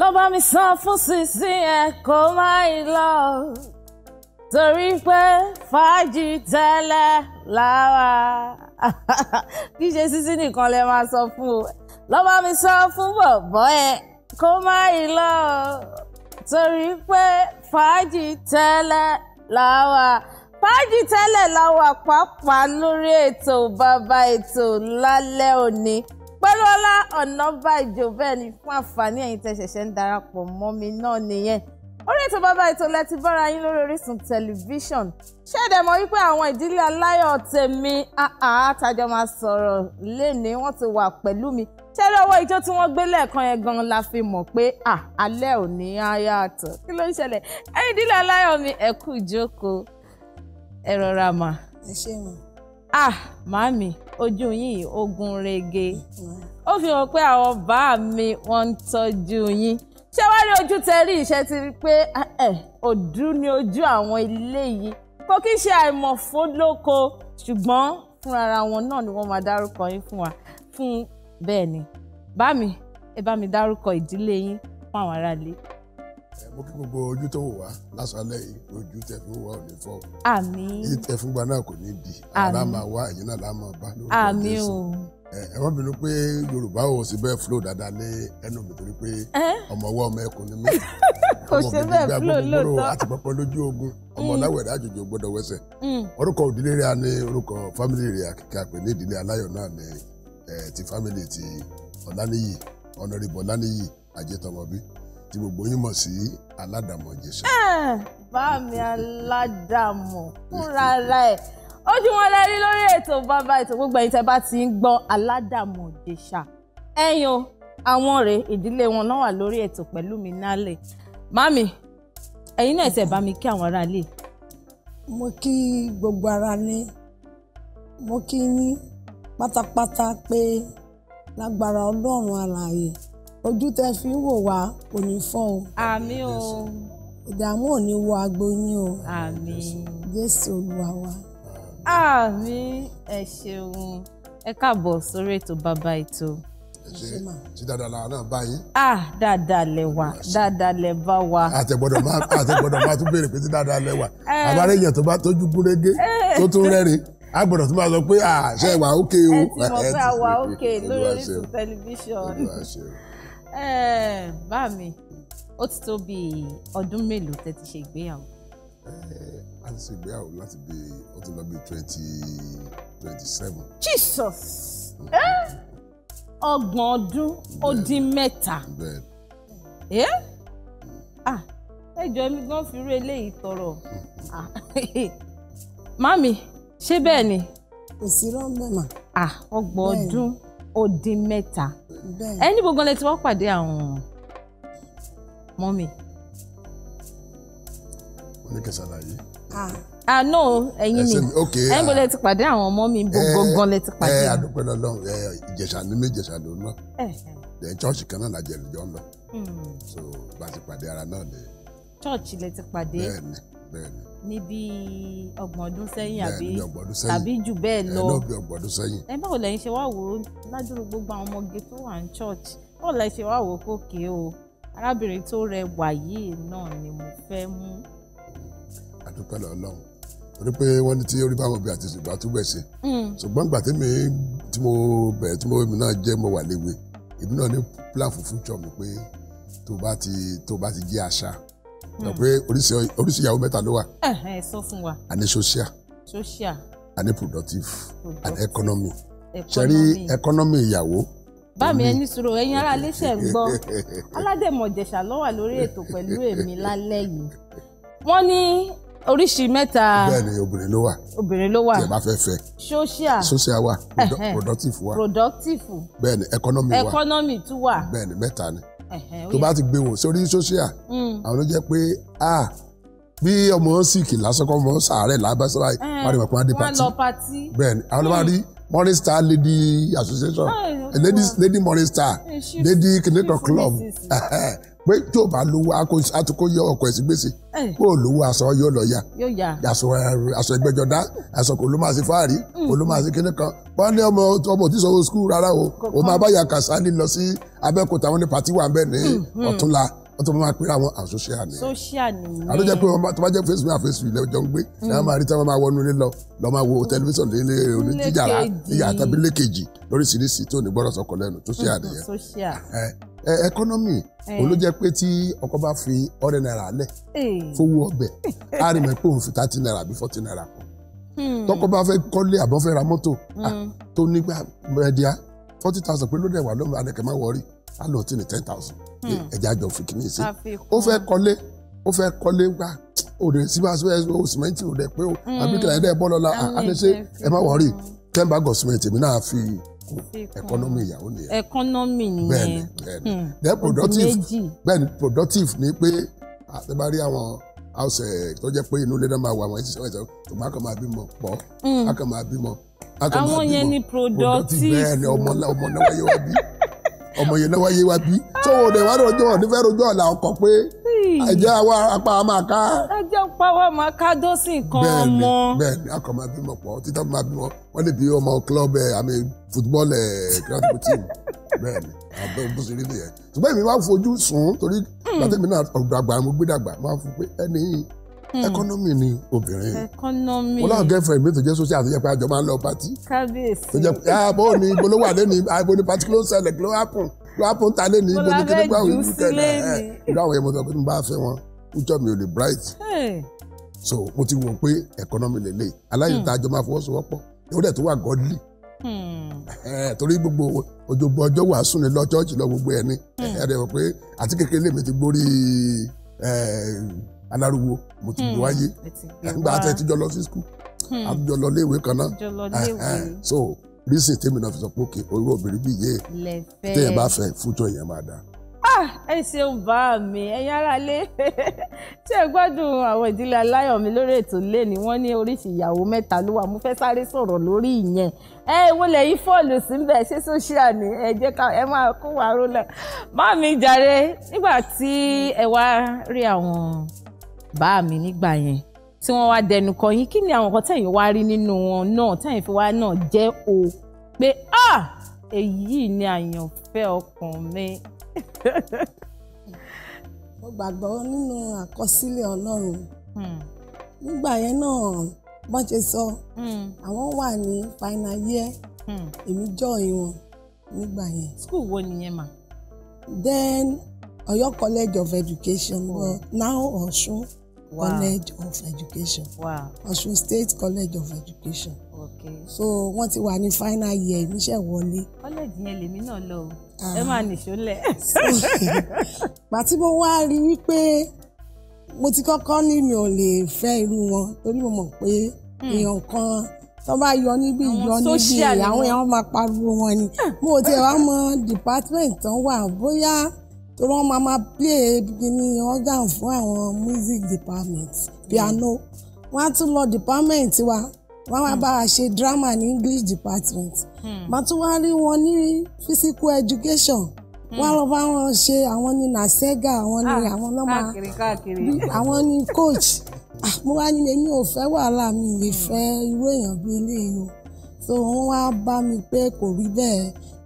ló bá mi san fún sísìn ẹ kó má ì lọ torí pé fàájì tẹ́lẹ̀ láwa kì í ṣe sísìn nìkan lè máa sọ fún o ló bá mi san fún bọ̀bọ̀ ẹ kó má ì lọ torí pé fàájì tẹ́lẹ̀ láwa fàájì tẹ́lẹ̀ láwa pàápàá lórí ètò bàbá ètò lálẹ́ òní pẹ̀lú Ọlá Ọ̀nàbàjọ bẹ́ẹ̀ ni fún àǹfààní ẹ̀yin tẹ́ ṣẹ̀ṣẹ̀ ń darapọ̀ mọ́ mi náà nìyẹn orí ètò bàbá ètò lẹ́tí bára yín lórí Orísun tẹlifíṣọ̀n ṣẹ́ẹ̀dẹ̀ mọ̀ wípé àwọn ìdílé aláyọ̀ tèmi àtàjọ máa sọ̀rọ̀ lénìí wọ́n ti wà pẹ̀lú mi ṣẹ́ẹ̀dẹ̀ ọwọ́ ìjọ tí wọ́n gbé lẹ́ẹ̀kan yẹn gan la fi mọ̀ pé alẹ́ ò ní ayá àtọ̀ kí ló ń ṣẹlẹ̀ ẹ̀yin ìdílé aláyọ̀ mi ẹ ìjókòó ẹ rọra ẹ ṣe mọ ah màámi ojú yín ogun rege ó fi hàn pé àwọn bá mi wọ́n ń tọ́jú yín ṣé wàá ní ojú tẹrí iṣẹ́ ti rí pé ah, eh, òdú ni ojú àwọn ilé yìí kò kí ṣe àìmọ̀fó ṣùgbọ́n fúnra wọn náà ni wọ́n máa dárúkọ yín fún wa fún bẹ́ẹ̀ ni bá ẹ bá mi dárúkọ ìdílé yín fún àwọn aráalé mo kí gbogbo ojú tó ń wò yìí ojú tẹ fún wa ò ní fọ́. àmín. èyí tẹ fún gbaná kò ní di. ara máa wá ẹ̀yin náà láà máa bá lórí ọ̀dọ́ àmín o. ẹ wọ́n bínú pé yorùbá ò sí bẹ́ẹ̀ flow dáadáa lé ẹnu mi torí pé ọmọ ọwọ́ ọmọ ẹkùn ni mí. kò ṣe bẹ́ẹ̀ flow lóòótọ́ àti pọpọ́ lójú ogun ọmọ ọ̀làwẹ̀rẹ̀ mm. àjòjò gbọ́dọ̀ wẹ́sẹ̀. Mm. orúkọ òdílé rẹ̀ tí gbogbo yín mọ̀ sí aládàmọ̀ jésù. bá mi aládàmọ̀ fúnra ẹ̀ ojú wọn lẹ rí lórí ètò bàbá ètò gbogbo ẹ̀yin tẹ́ bá ti ń gbọ́ aládàmọ̀ jésà ẹ̀yin o àwọn rèé ìdílé wọn náà wà lórí ètò pẹ̀lú mi nálẹ̀ mami ẹ̀yin náà ẹsẹ bá mi kí àwọn ará ilé. mo kí gbogbo ara ní mo kí yín pátápátá pé lágbára ọlọ́run alààyè ojú tẹ fi ń wò wá kò ní fọ́ o. àmín o. ìdààmú ò ní wọ agbo yín o. àmín. jésù olúwa wa. àmín ẹ ṣeun ẹ káàbọ̀ sórí ètò bàbá ètò ṣe ti dada la náà báyìí. ah dada lẹ wa dada lẹ bá wa. àtẹ̀gbọ́dọ̀ máa àtẹ̀gbọ́dọ̀ máa tún béèrè pé ti dada lẹ wa àbárẹ̀ èèyàn tó bá tójú gúrégé eh. tó tún rẹ́rìn a gbọ́dọ̀ tó máa sọ pé àṣẹ ìwà òkè o. ẹ ti mọ̀ pé àwa òkè lórí Orísun tẹlifíṣàn. Eh, bá mi ó ti tó bí ọdún mélòó tẹ́ ti ṣe ìgbéyàwó. Eh, a ti ṣe ìgbéyàwó láti bí ó ti lọ bí twenty twenty seven. Jesus mm. eh, ọgbọ̀n ọdún ó dín mẹ́ta. ẹjọ ah, mi gan fi rú eléyìí tọrọ mm. ah, mami ṣé bẹ́ẹ̀ ni. kò sí rọ́ọ̀mù mà. Ah, ọgbọ̀n ọdún ó dín mẹ́ta ẹ níbo gan lẹ ti wá pàdé àwọn mọ́mì. oníkẹsàlàyé. ah ah no ẹ̀yin ni ẹ níbo lẹ ah. ti pàdé àwọn mọ́mì níbo eh, gangan lẹ ti pàdé. ẹ eh, adúpẹ́ lọ́lọ́run ẹ eh, ìjẹ̀ṣà ní méjèṣà ló ná ẹ chọ́ọ̀ṣì kan náà làjẹ̀ lójọ́ ń lọ hmm. so bá a ti pàdé ara náà nìyẹn. chọ́ọ̀chì lẹ ti pàdé. bẹ́ẹ̀ni bẹ́ẹ̀ni ní bíi ọgbọ̀n ọdún sẹ́yìn àbí tàbí jù bẹ́ẹ̀ lọ ẹ̀ náà bíi ọgbọ̀n ọdún sẹ́yìn. ẹ báwo lẹ́yìn ṣe wá wò ó ládùúrú gbogbo àwọn ọmọge tó wà ní church báwo lẹ́yìn ṣe wá wò ó kókè o arábìnrin tó rẹwà yìí náà ni mo fẹ́ mú. àdúpẹ́ lọ́lọ́run torí pé wọ́n ní tí orí bá wọn bí àti ìgbà tó bẹ̀ ṣe. Hmm. ṣùgbọ́n ìgbà tí mo bẹ̀rẹ̀ tí mo náà jẹ́ mo wà léwe èmi náà ní plan fún future mọ̀ hmm. pé oríṣi ìyàwó mẹ́ta ló wà. ẹ eh, eh, sọ fún wa. àní social. social. àní productive. productive àní economy. economy ṣe rí economy ìyàwó bámi ẹni sùúrù ẹ̀yin ará iléeṣẹ́ ń gbọ́ aládèmọ̀jẹ̀ṣà ló wà lórí ètò pẹ̀lú èmi lálẹ́ yìí wọ́n ní oríṣi mẹ́ta bẹ́ẹ̀ ni obìnrin ló wà obìnrin ló wà tí ẹ bá fẹ́ fẹ́ social social wà productive wà productive bẹ́ẹ̀ ni economy wà economy tún wà bẹ́ẹ̀ ni mẹ́ta ni tó bá ti gbé wò sórí sóṣíà mm. àwọn ló jẹ́ pé a ah, bí ọmọ sìkì lásán ọmọ sàárẹ̀ lábásárà wà ní ìwàkùn adé ni àwọn ló bá mm. rí morning star lady association lady morning star lady kìnìkan club pé tí o bá lówó àti kó yọ ọkọ̀ ẹ̀sìn gbèsè eh. kó o lówó aṣọ yóò lọ ya aṣọ eh, ẹgbẹ́jọdá aṣọ kò ló máa ṣe fáàrí mm. kò ló máa ṣe kíní kan wọ́n ní ọmọ ọmọ òtí sanwó skul rárá o o máa bá ya Kasali lọ sí Abẹ́òkúta wọn ní pàtí wà bẹ́ẹ̀ ní mm, mm. ọ̀túnla wọ́n tún máa pèrè àwọn àsọ́ṣíà ni. sọ́ṣíà ni. àlọ́ jẹ́ pé tó bá jẹ́ Facebook àfẹ́sù ilẹ̀ ọjọ́ ń gbé ní wọ́n máa rí tí wọ́n máa wọnú ilé lọ lọ́ máa wo tẹlifíṣàn nílé oníjìjà níyà tàbí lékejì lóríṣiríṣi tó ní gbọ́dọ̀ sọkọ lẹ́nu tó ṣíà nìyẹn. ẹkọ́nọ́mì eh, eh. òun pé tí ọkọ bá fi ọ̀rẹ́ náírà lẹ̀ eh. fowó ọbẹ̀ rí mọ̀ pé òun fi thirty naira àbí forty naira kọ hmm. tọkọ bá fẹ́ kọ́lé àbọ̀ ra mọ́tò hmm. tó nígbà mẹ́ẹ̀díà forty thousand pé ló wà lọ́mọ má hmm. oh, o òde o ẹ má wọrí economy ìyàwó nìyẹn. economy nìyẹn bẹ́ẹ̀ni bẹ́ẹ̀ni hmm. then productive bẹ́ẹ̀ni productive ni pé àtẹ̀bárí àwọn house eh, tó jẹ́ pé inú ilé náà máa wà wọ́n ẹ̀sìn ẹ̀sìn tó máa kàn máa bímọ pọ̀ hmm. á kàn máa bímọ. àwọn yẹn ni productive bẹ́ẹ̀ni ọmọ náà wáyé wá bí ọmọ yẹn náà wáyé wá bí sọ́wọ́n òde wá rojọ́ òde fẹ́ rojọ́ ọ̀la ọkọ̀ pé ẹ̀jẹ̀ àwa apá máa ká. ẹ̀jẹ̀ pa wá máa ká dọ́sìn kan ọmọ. bẹ́ẹ̀ni bẹ́ẹ̀ni akọ máa bímọ pọ̀ títà máa bímọ wọ́n lè bí ọmọ club ẹ̀ eh, àmì football ẹ̀ eh, kíláàsì team bẹ́ẹ̀ni àbẹ̀ bó ṣe rí nìyẹn ṣùgbọ́n èmi máa ń fojú sùn torí hmm. gbàtẹ́mi náà ọ̀dọ̀ àgbà mo gbé dàgbà máa ń fún pé ẹni yìí ẹkọnọmì hmm. ni obìnrin ẹkọnọmì wọn làwọn girlfriend mi tó jẹ́ social àtijọ́ pé àjọ máa ń lọ pati kábíyèsí tó jẹ́ pé àbọ̀ ah, ni ìbolówó àlẹ́ ni àbọ̀ ah, ni pati kí ló ń ṣẹlẹ̀ kí ló wá kùn kí ló wá kùn ta lé ní ibo ní kíní gbàwé ìlú kẹlẹ ẹ ìlú àwọn èèyàn mo sọ pé mo bá fẹ́ wọn ìjọ mi ò lè bright so mo ti wò pé ẹkọnọmì lélẹ̀ aláyọ̀tà hmm. àjọ máa fọwọ́sowọ́pọ̀ ó dẹ̀ tó wà godly hmm. eh, eh, torí gbogbo ojogbo ọjọ́ wàásù ni lọ chọ́ọ̀chì lọ gbogbo ẹ̀ ni ẹ̀ ẹ̀ rẹ̀ wọ̀ pé àti kékeré mi ti gbórí eh, alárúgbó mo ti gbé hmm. wáyé nígbà tí ẹ ti jọ lọ sí skul hmm. a jọ lọ léèwé kan náà so reason tèmi náà fi sọ pé òkè orú obìnrin bíi yé téèyàn bá fẹ́ fújọ yẹn máa dáa ah! ẹ ṣeun bá mi ẹ̀yin aráalé tí ẹ gbádùn àwọn ìdílé aláyọ̀ mi lórí ètò lé ni wọ́n ní oríṣi ìyàwó mẹ́ta ló wà mo fẹ́ sáré sọ̀rọ̀ lórí ìyẹn ẹ wo lẹ́yìn fọ́ọ̀lù síbẹ̀ ṣé sọ́ṣíà ni ẹ jẹ́ ká ẹ máa kó wa rólẹ̀ má mi jàre nígbà tí ẹ wá rí àwọn bá mi nígbà yẹn tí wọ́n wá dẹnu kọ yín kí ni àwọn nǹkan tẹ̀yin wá rí nínú wọn náà tẹ̀yin fi wá náà jẹ́ o pé ah èyí ni àyànfẹ́ ọkàn mi. mo gbàgbọ́ nínú àkọsílẹ̀ ọlọ́run hmm. nígbà yẹn náà bọ́n ṣe sọ hmm. àwọn wà ní final year hmm. èmi jọ̀yìn wọn nígbà yẹn. school wo nìyẹn mà. then Ọ̀yọ́ College of Education oh. but now Ọ̀ṣun wow. college of education wow. Ọ̀ṣun state college of education okay. so wọ́n ti wà ní final year níṣẹ́ wọlé. college yẹn lèmi náà lọ o ah. ẹ máa nìṣó lẹ. pàtí mo wá rí wípé mo ti kọ́kọ́ ní mi ò lè fẹ́ irú wọn torí mo mọ̀ pé hmm. èèyàn kan tó bá yọ níbí yọ níbí àwọn èèyàn máa pariwo wọn ni hmm. mo ò tiẹ̀ wá mọ department tán wà bóyá tó wọ́n máa máa play ní organ fún àwọn music department piano wọ́n á tún lọ department wa wọ́n á wá bá a ṣe drama ní English department hmm. màá tún wá rí wọn ní physical education hmm. wọ́n á lọ bá wọn ṣe àwọn ní nasega àwọn ní ah, àwọn lọ́mọ àwọn ní coach ah, mo wá ní èmi ò fẹ́ wàhálà mi lè hmm. fẹ́ irú èèyàn bíi eléyìí o so wọ́n wá bá mi pé kò rí bẹ́ẹ̀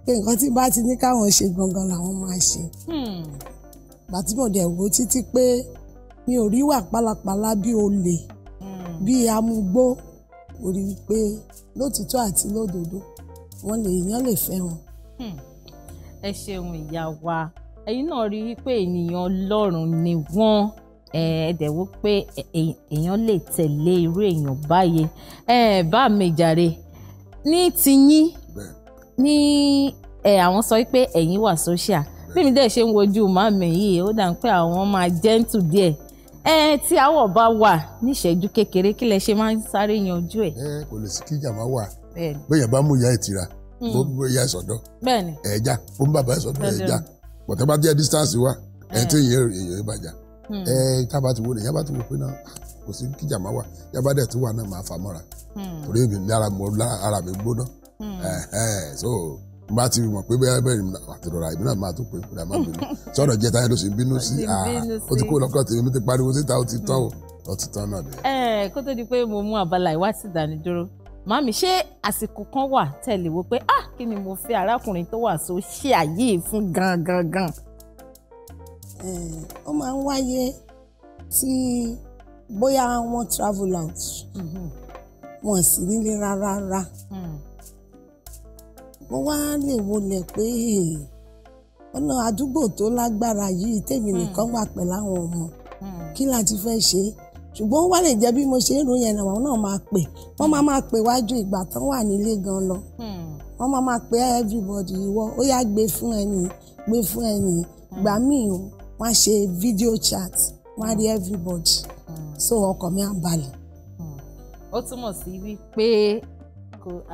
pé nǹkan tí bá ti ní káwọn ṣe gangan làwọn máa ṣe. Hmm. bàtí mo dẹ̀ wò títí pé mi ò rí wà pálapàla bí olè hmm. bí amúgbó mo rí i pé lótìtọ́ àti lódodo wọ́n lè èèyàn lè fẹ́ wọn. Hmm. ẹ ṣeun ìyá wa ẹ̀yin náà rí i pé ènìyàn ọlọ́run ni wọ́n ẹ pé èèyàn lè tẹ̀lé irú èèyàn báyìí ẹ bá mi jàre ní tiyín ní ẹ àwọn sọ pé ẹ̀yin wà social bí mi dẹ̀ ṣe ń wojú màmí yìí ó dà ń pé àwọn máa gentle díẹ̀ ẹ tí àwọ̀ bá wà níṣẹ́jú kékeré kí lẹ ṣe máa ń sáré yanjú ẹ̀. ẹ kò lè sí kí ìjà máa wà bẹ́ẹ̀ bá mú ìyá ìtira hmm. bó bó ìyá ìsọ̀dọ̀ ẹ̀ẹ́jà bó ń bàbá ìsọ̀dọ̀ ẹ̀ẹ́jà pọ̀tẹ́ bá jẹ́ distance wa ẹ̀ tí èèyàn èèyàn ìbàjá ẹ tábà ti wo lè yaba ti wo pé náà kò sí kíjà máa wà yaba dẹ̀ tó wà náà máa fà mọ́ra hmm. torí èmi lára mi gbóná Hmm. so bá ti mọ̀ pé bẹ́ẹ̀ bẹ́ẹ̀ ni àtẹ̀rọ̀ra ìbínú àti máa tó pé kúrẹ́ máa bínú sọ̀rọ̀ jẹ́ táyé ló ṣe ń bínú sí ó ti kó lọ́kọ̀ tèmi mi ti pariwo síta ó ti hmm. tán o ó ti tán náà bẹ́ẹ̀. ẹ kó tó di pé mo mú abala ìwá sí ìdánidúró màmí ṣé àsìkò kan wà tẹ̀lé wo pé ah kí ni mo fẹ́ arákùnrin tó wà so ṣé àyè fún gan gan gan. ó máa ń wáyé tí bóyá wọ́n travel out mm-hmm. wọn sì nílé rárá rárá. Hmm mo wá lè wọlé pé ọ̀nà àdúgbò tó lágbára yìí tèmi hmm. nìkan wà pẹ̀lú àwọn ọmọ hmm. kí la ti fẹ́ ṣe ṣùgbọ́n ó wá lè jẹ́ bí mo ṣe ń ròyìn ẹ̀nà àwọn náà máa pè wọ́n máa máa pè wájú ìgbà tán wà nílé gan lọ hmm. wọ́n máa máa pè everybody ìwọ ó yá gbé fún ẹni gbé fún ẹni ìgbà míì wọ́n á ṣe video chat wọ́n á rí everybody so ọkọ̀ mi á balẹ̀. ó túmọ̀ sí wípé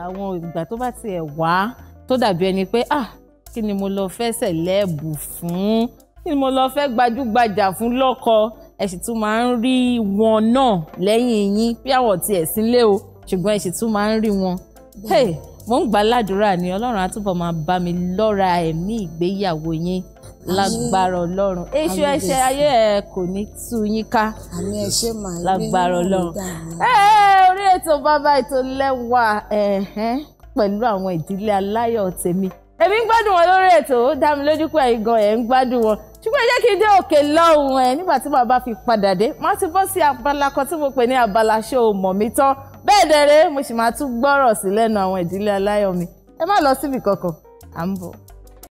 àwọn ìgbà tó bá tiẹ̀ wá tó dàbí ẹni pé ah kí ni mo lọ fẹ́ sẹ̀lẹ́ẹ̀bù fún kí ni mo lọ fẹ́ gbajúgbajà fún lọ́kọ ẹ sì tún máa ń rí wọn náà lẹ́yìn yín bí àwọn tiẹ̀ sílé o ṣùgbọ́n ẹ sì tún máa ń rí wọn. mo ń gbà ládùúrà ni ọlọ́run á túbọ̀ máa bá mi lọ́ra ẹ̀mí ìgbéyàwó yín lágbára Ọlọ́run èṣù ẹ̀ṣẹ̀ ayé ẹ̀ kò ní tú yín ká lágbára Ọlọ́run orí ètò bàbá ètò lẹ́wà pẹ̀lú àwọn ìdílé aláyọ̀ tèmi èmi ń gbádùn wọn lórí ètò ó dá mi lójú pé ẹ̀yin gan ẹ̀ ń gbádùn wọn ṣùgbọ́n ẹ jẹ́ kí n dé òkè lọ́hùn ẹ̀ nígbà tí màá fi padà dé màá ti bọ́ sí abala kan tí mo pè ní abala ṣé o mọ̀ mi tán bẹ́ẹ̀ dẹ̀rẹ́ mo sì máa tún gbọ́rọ̀ sí lẹ́nu àwọn ìdílé aláyọ̀ mi ẹ má lọ síbi kankan à ń bọ̀.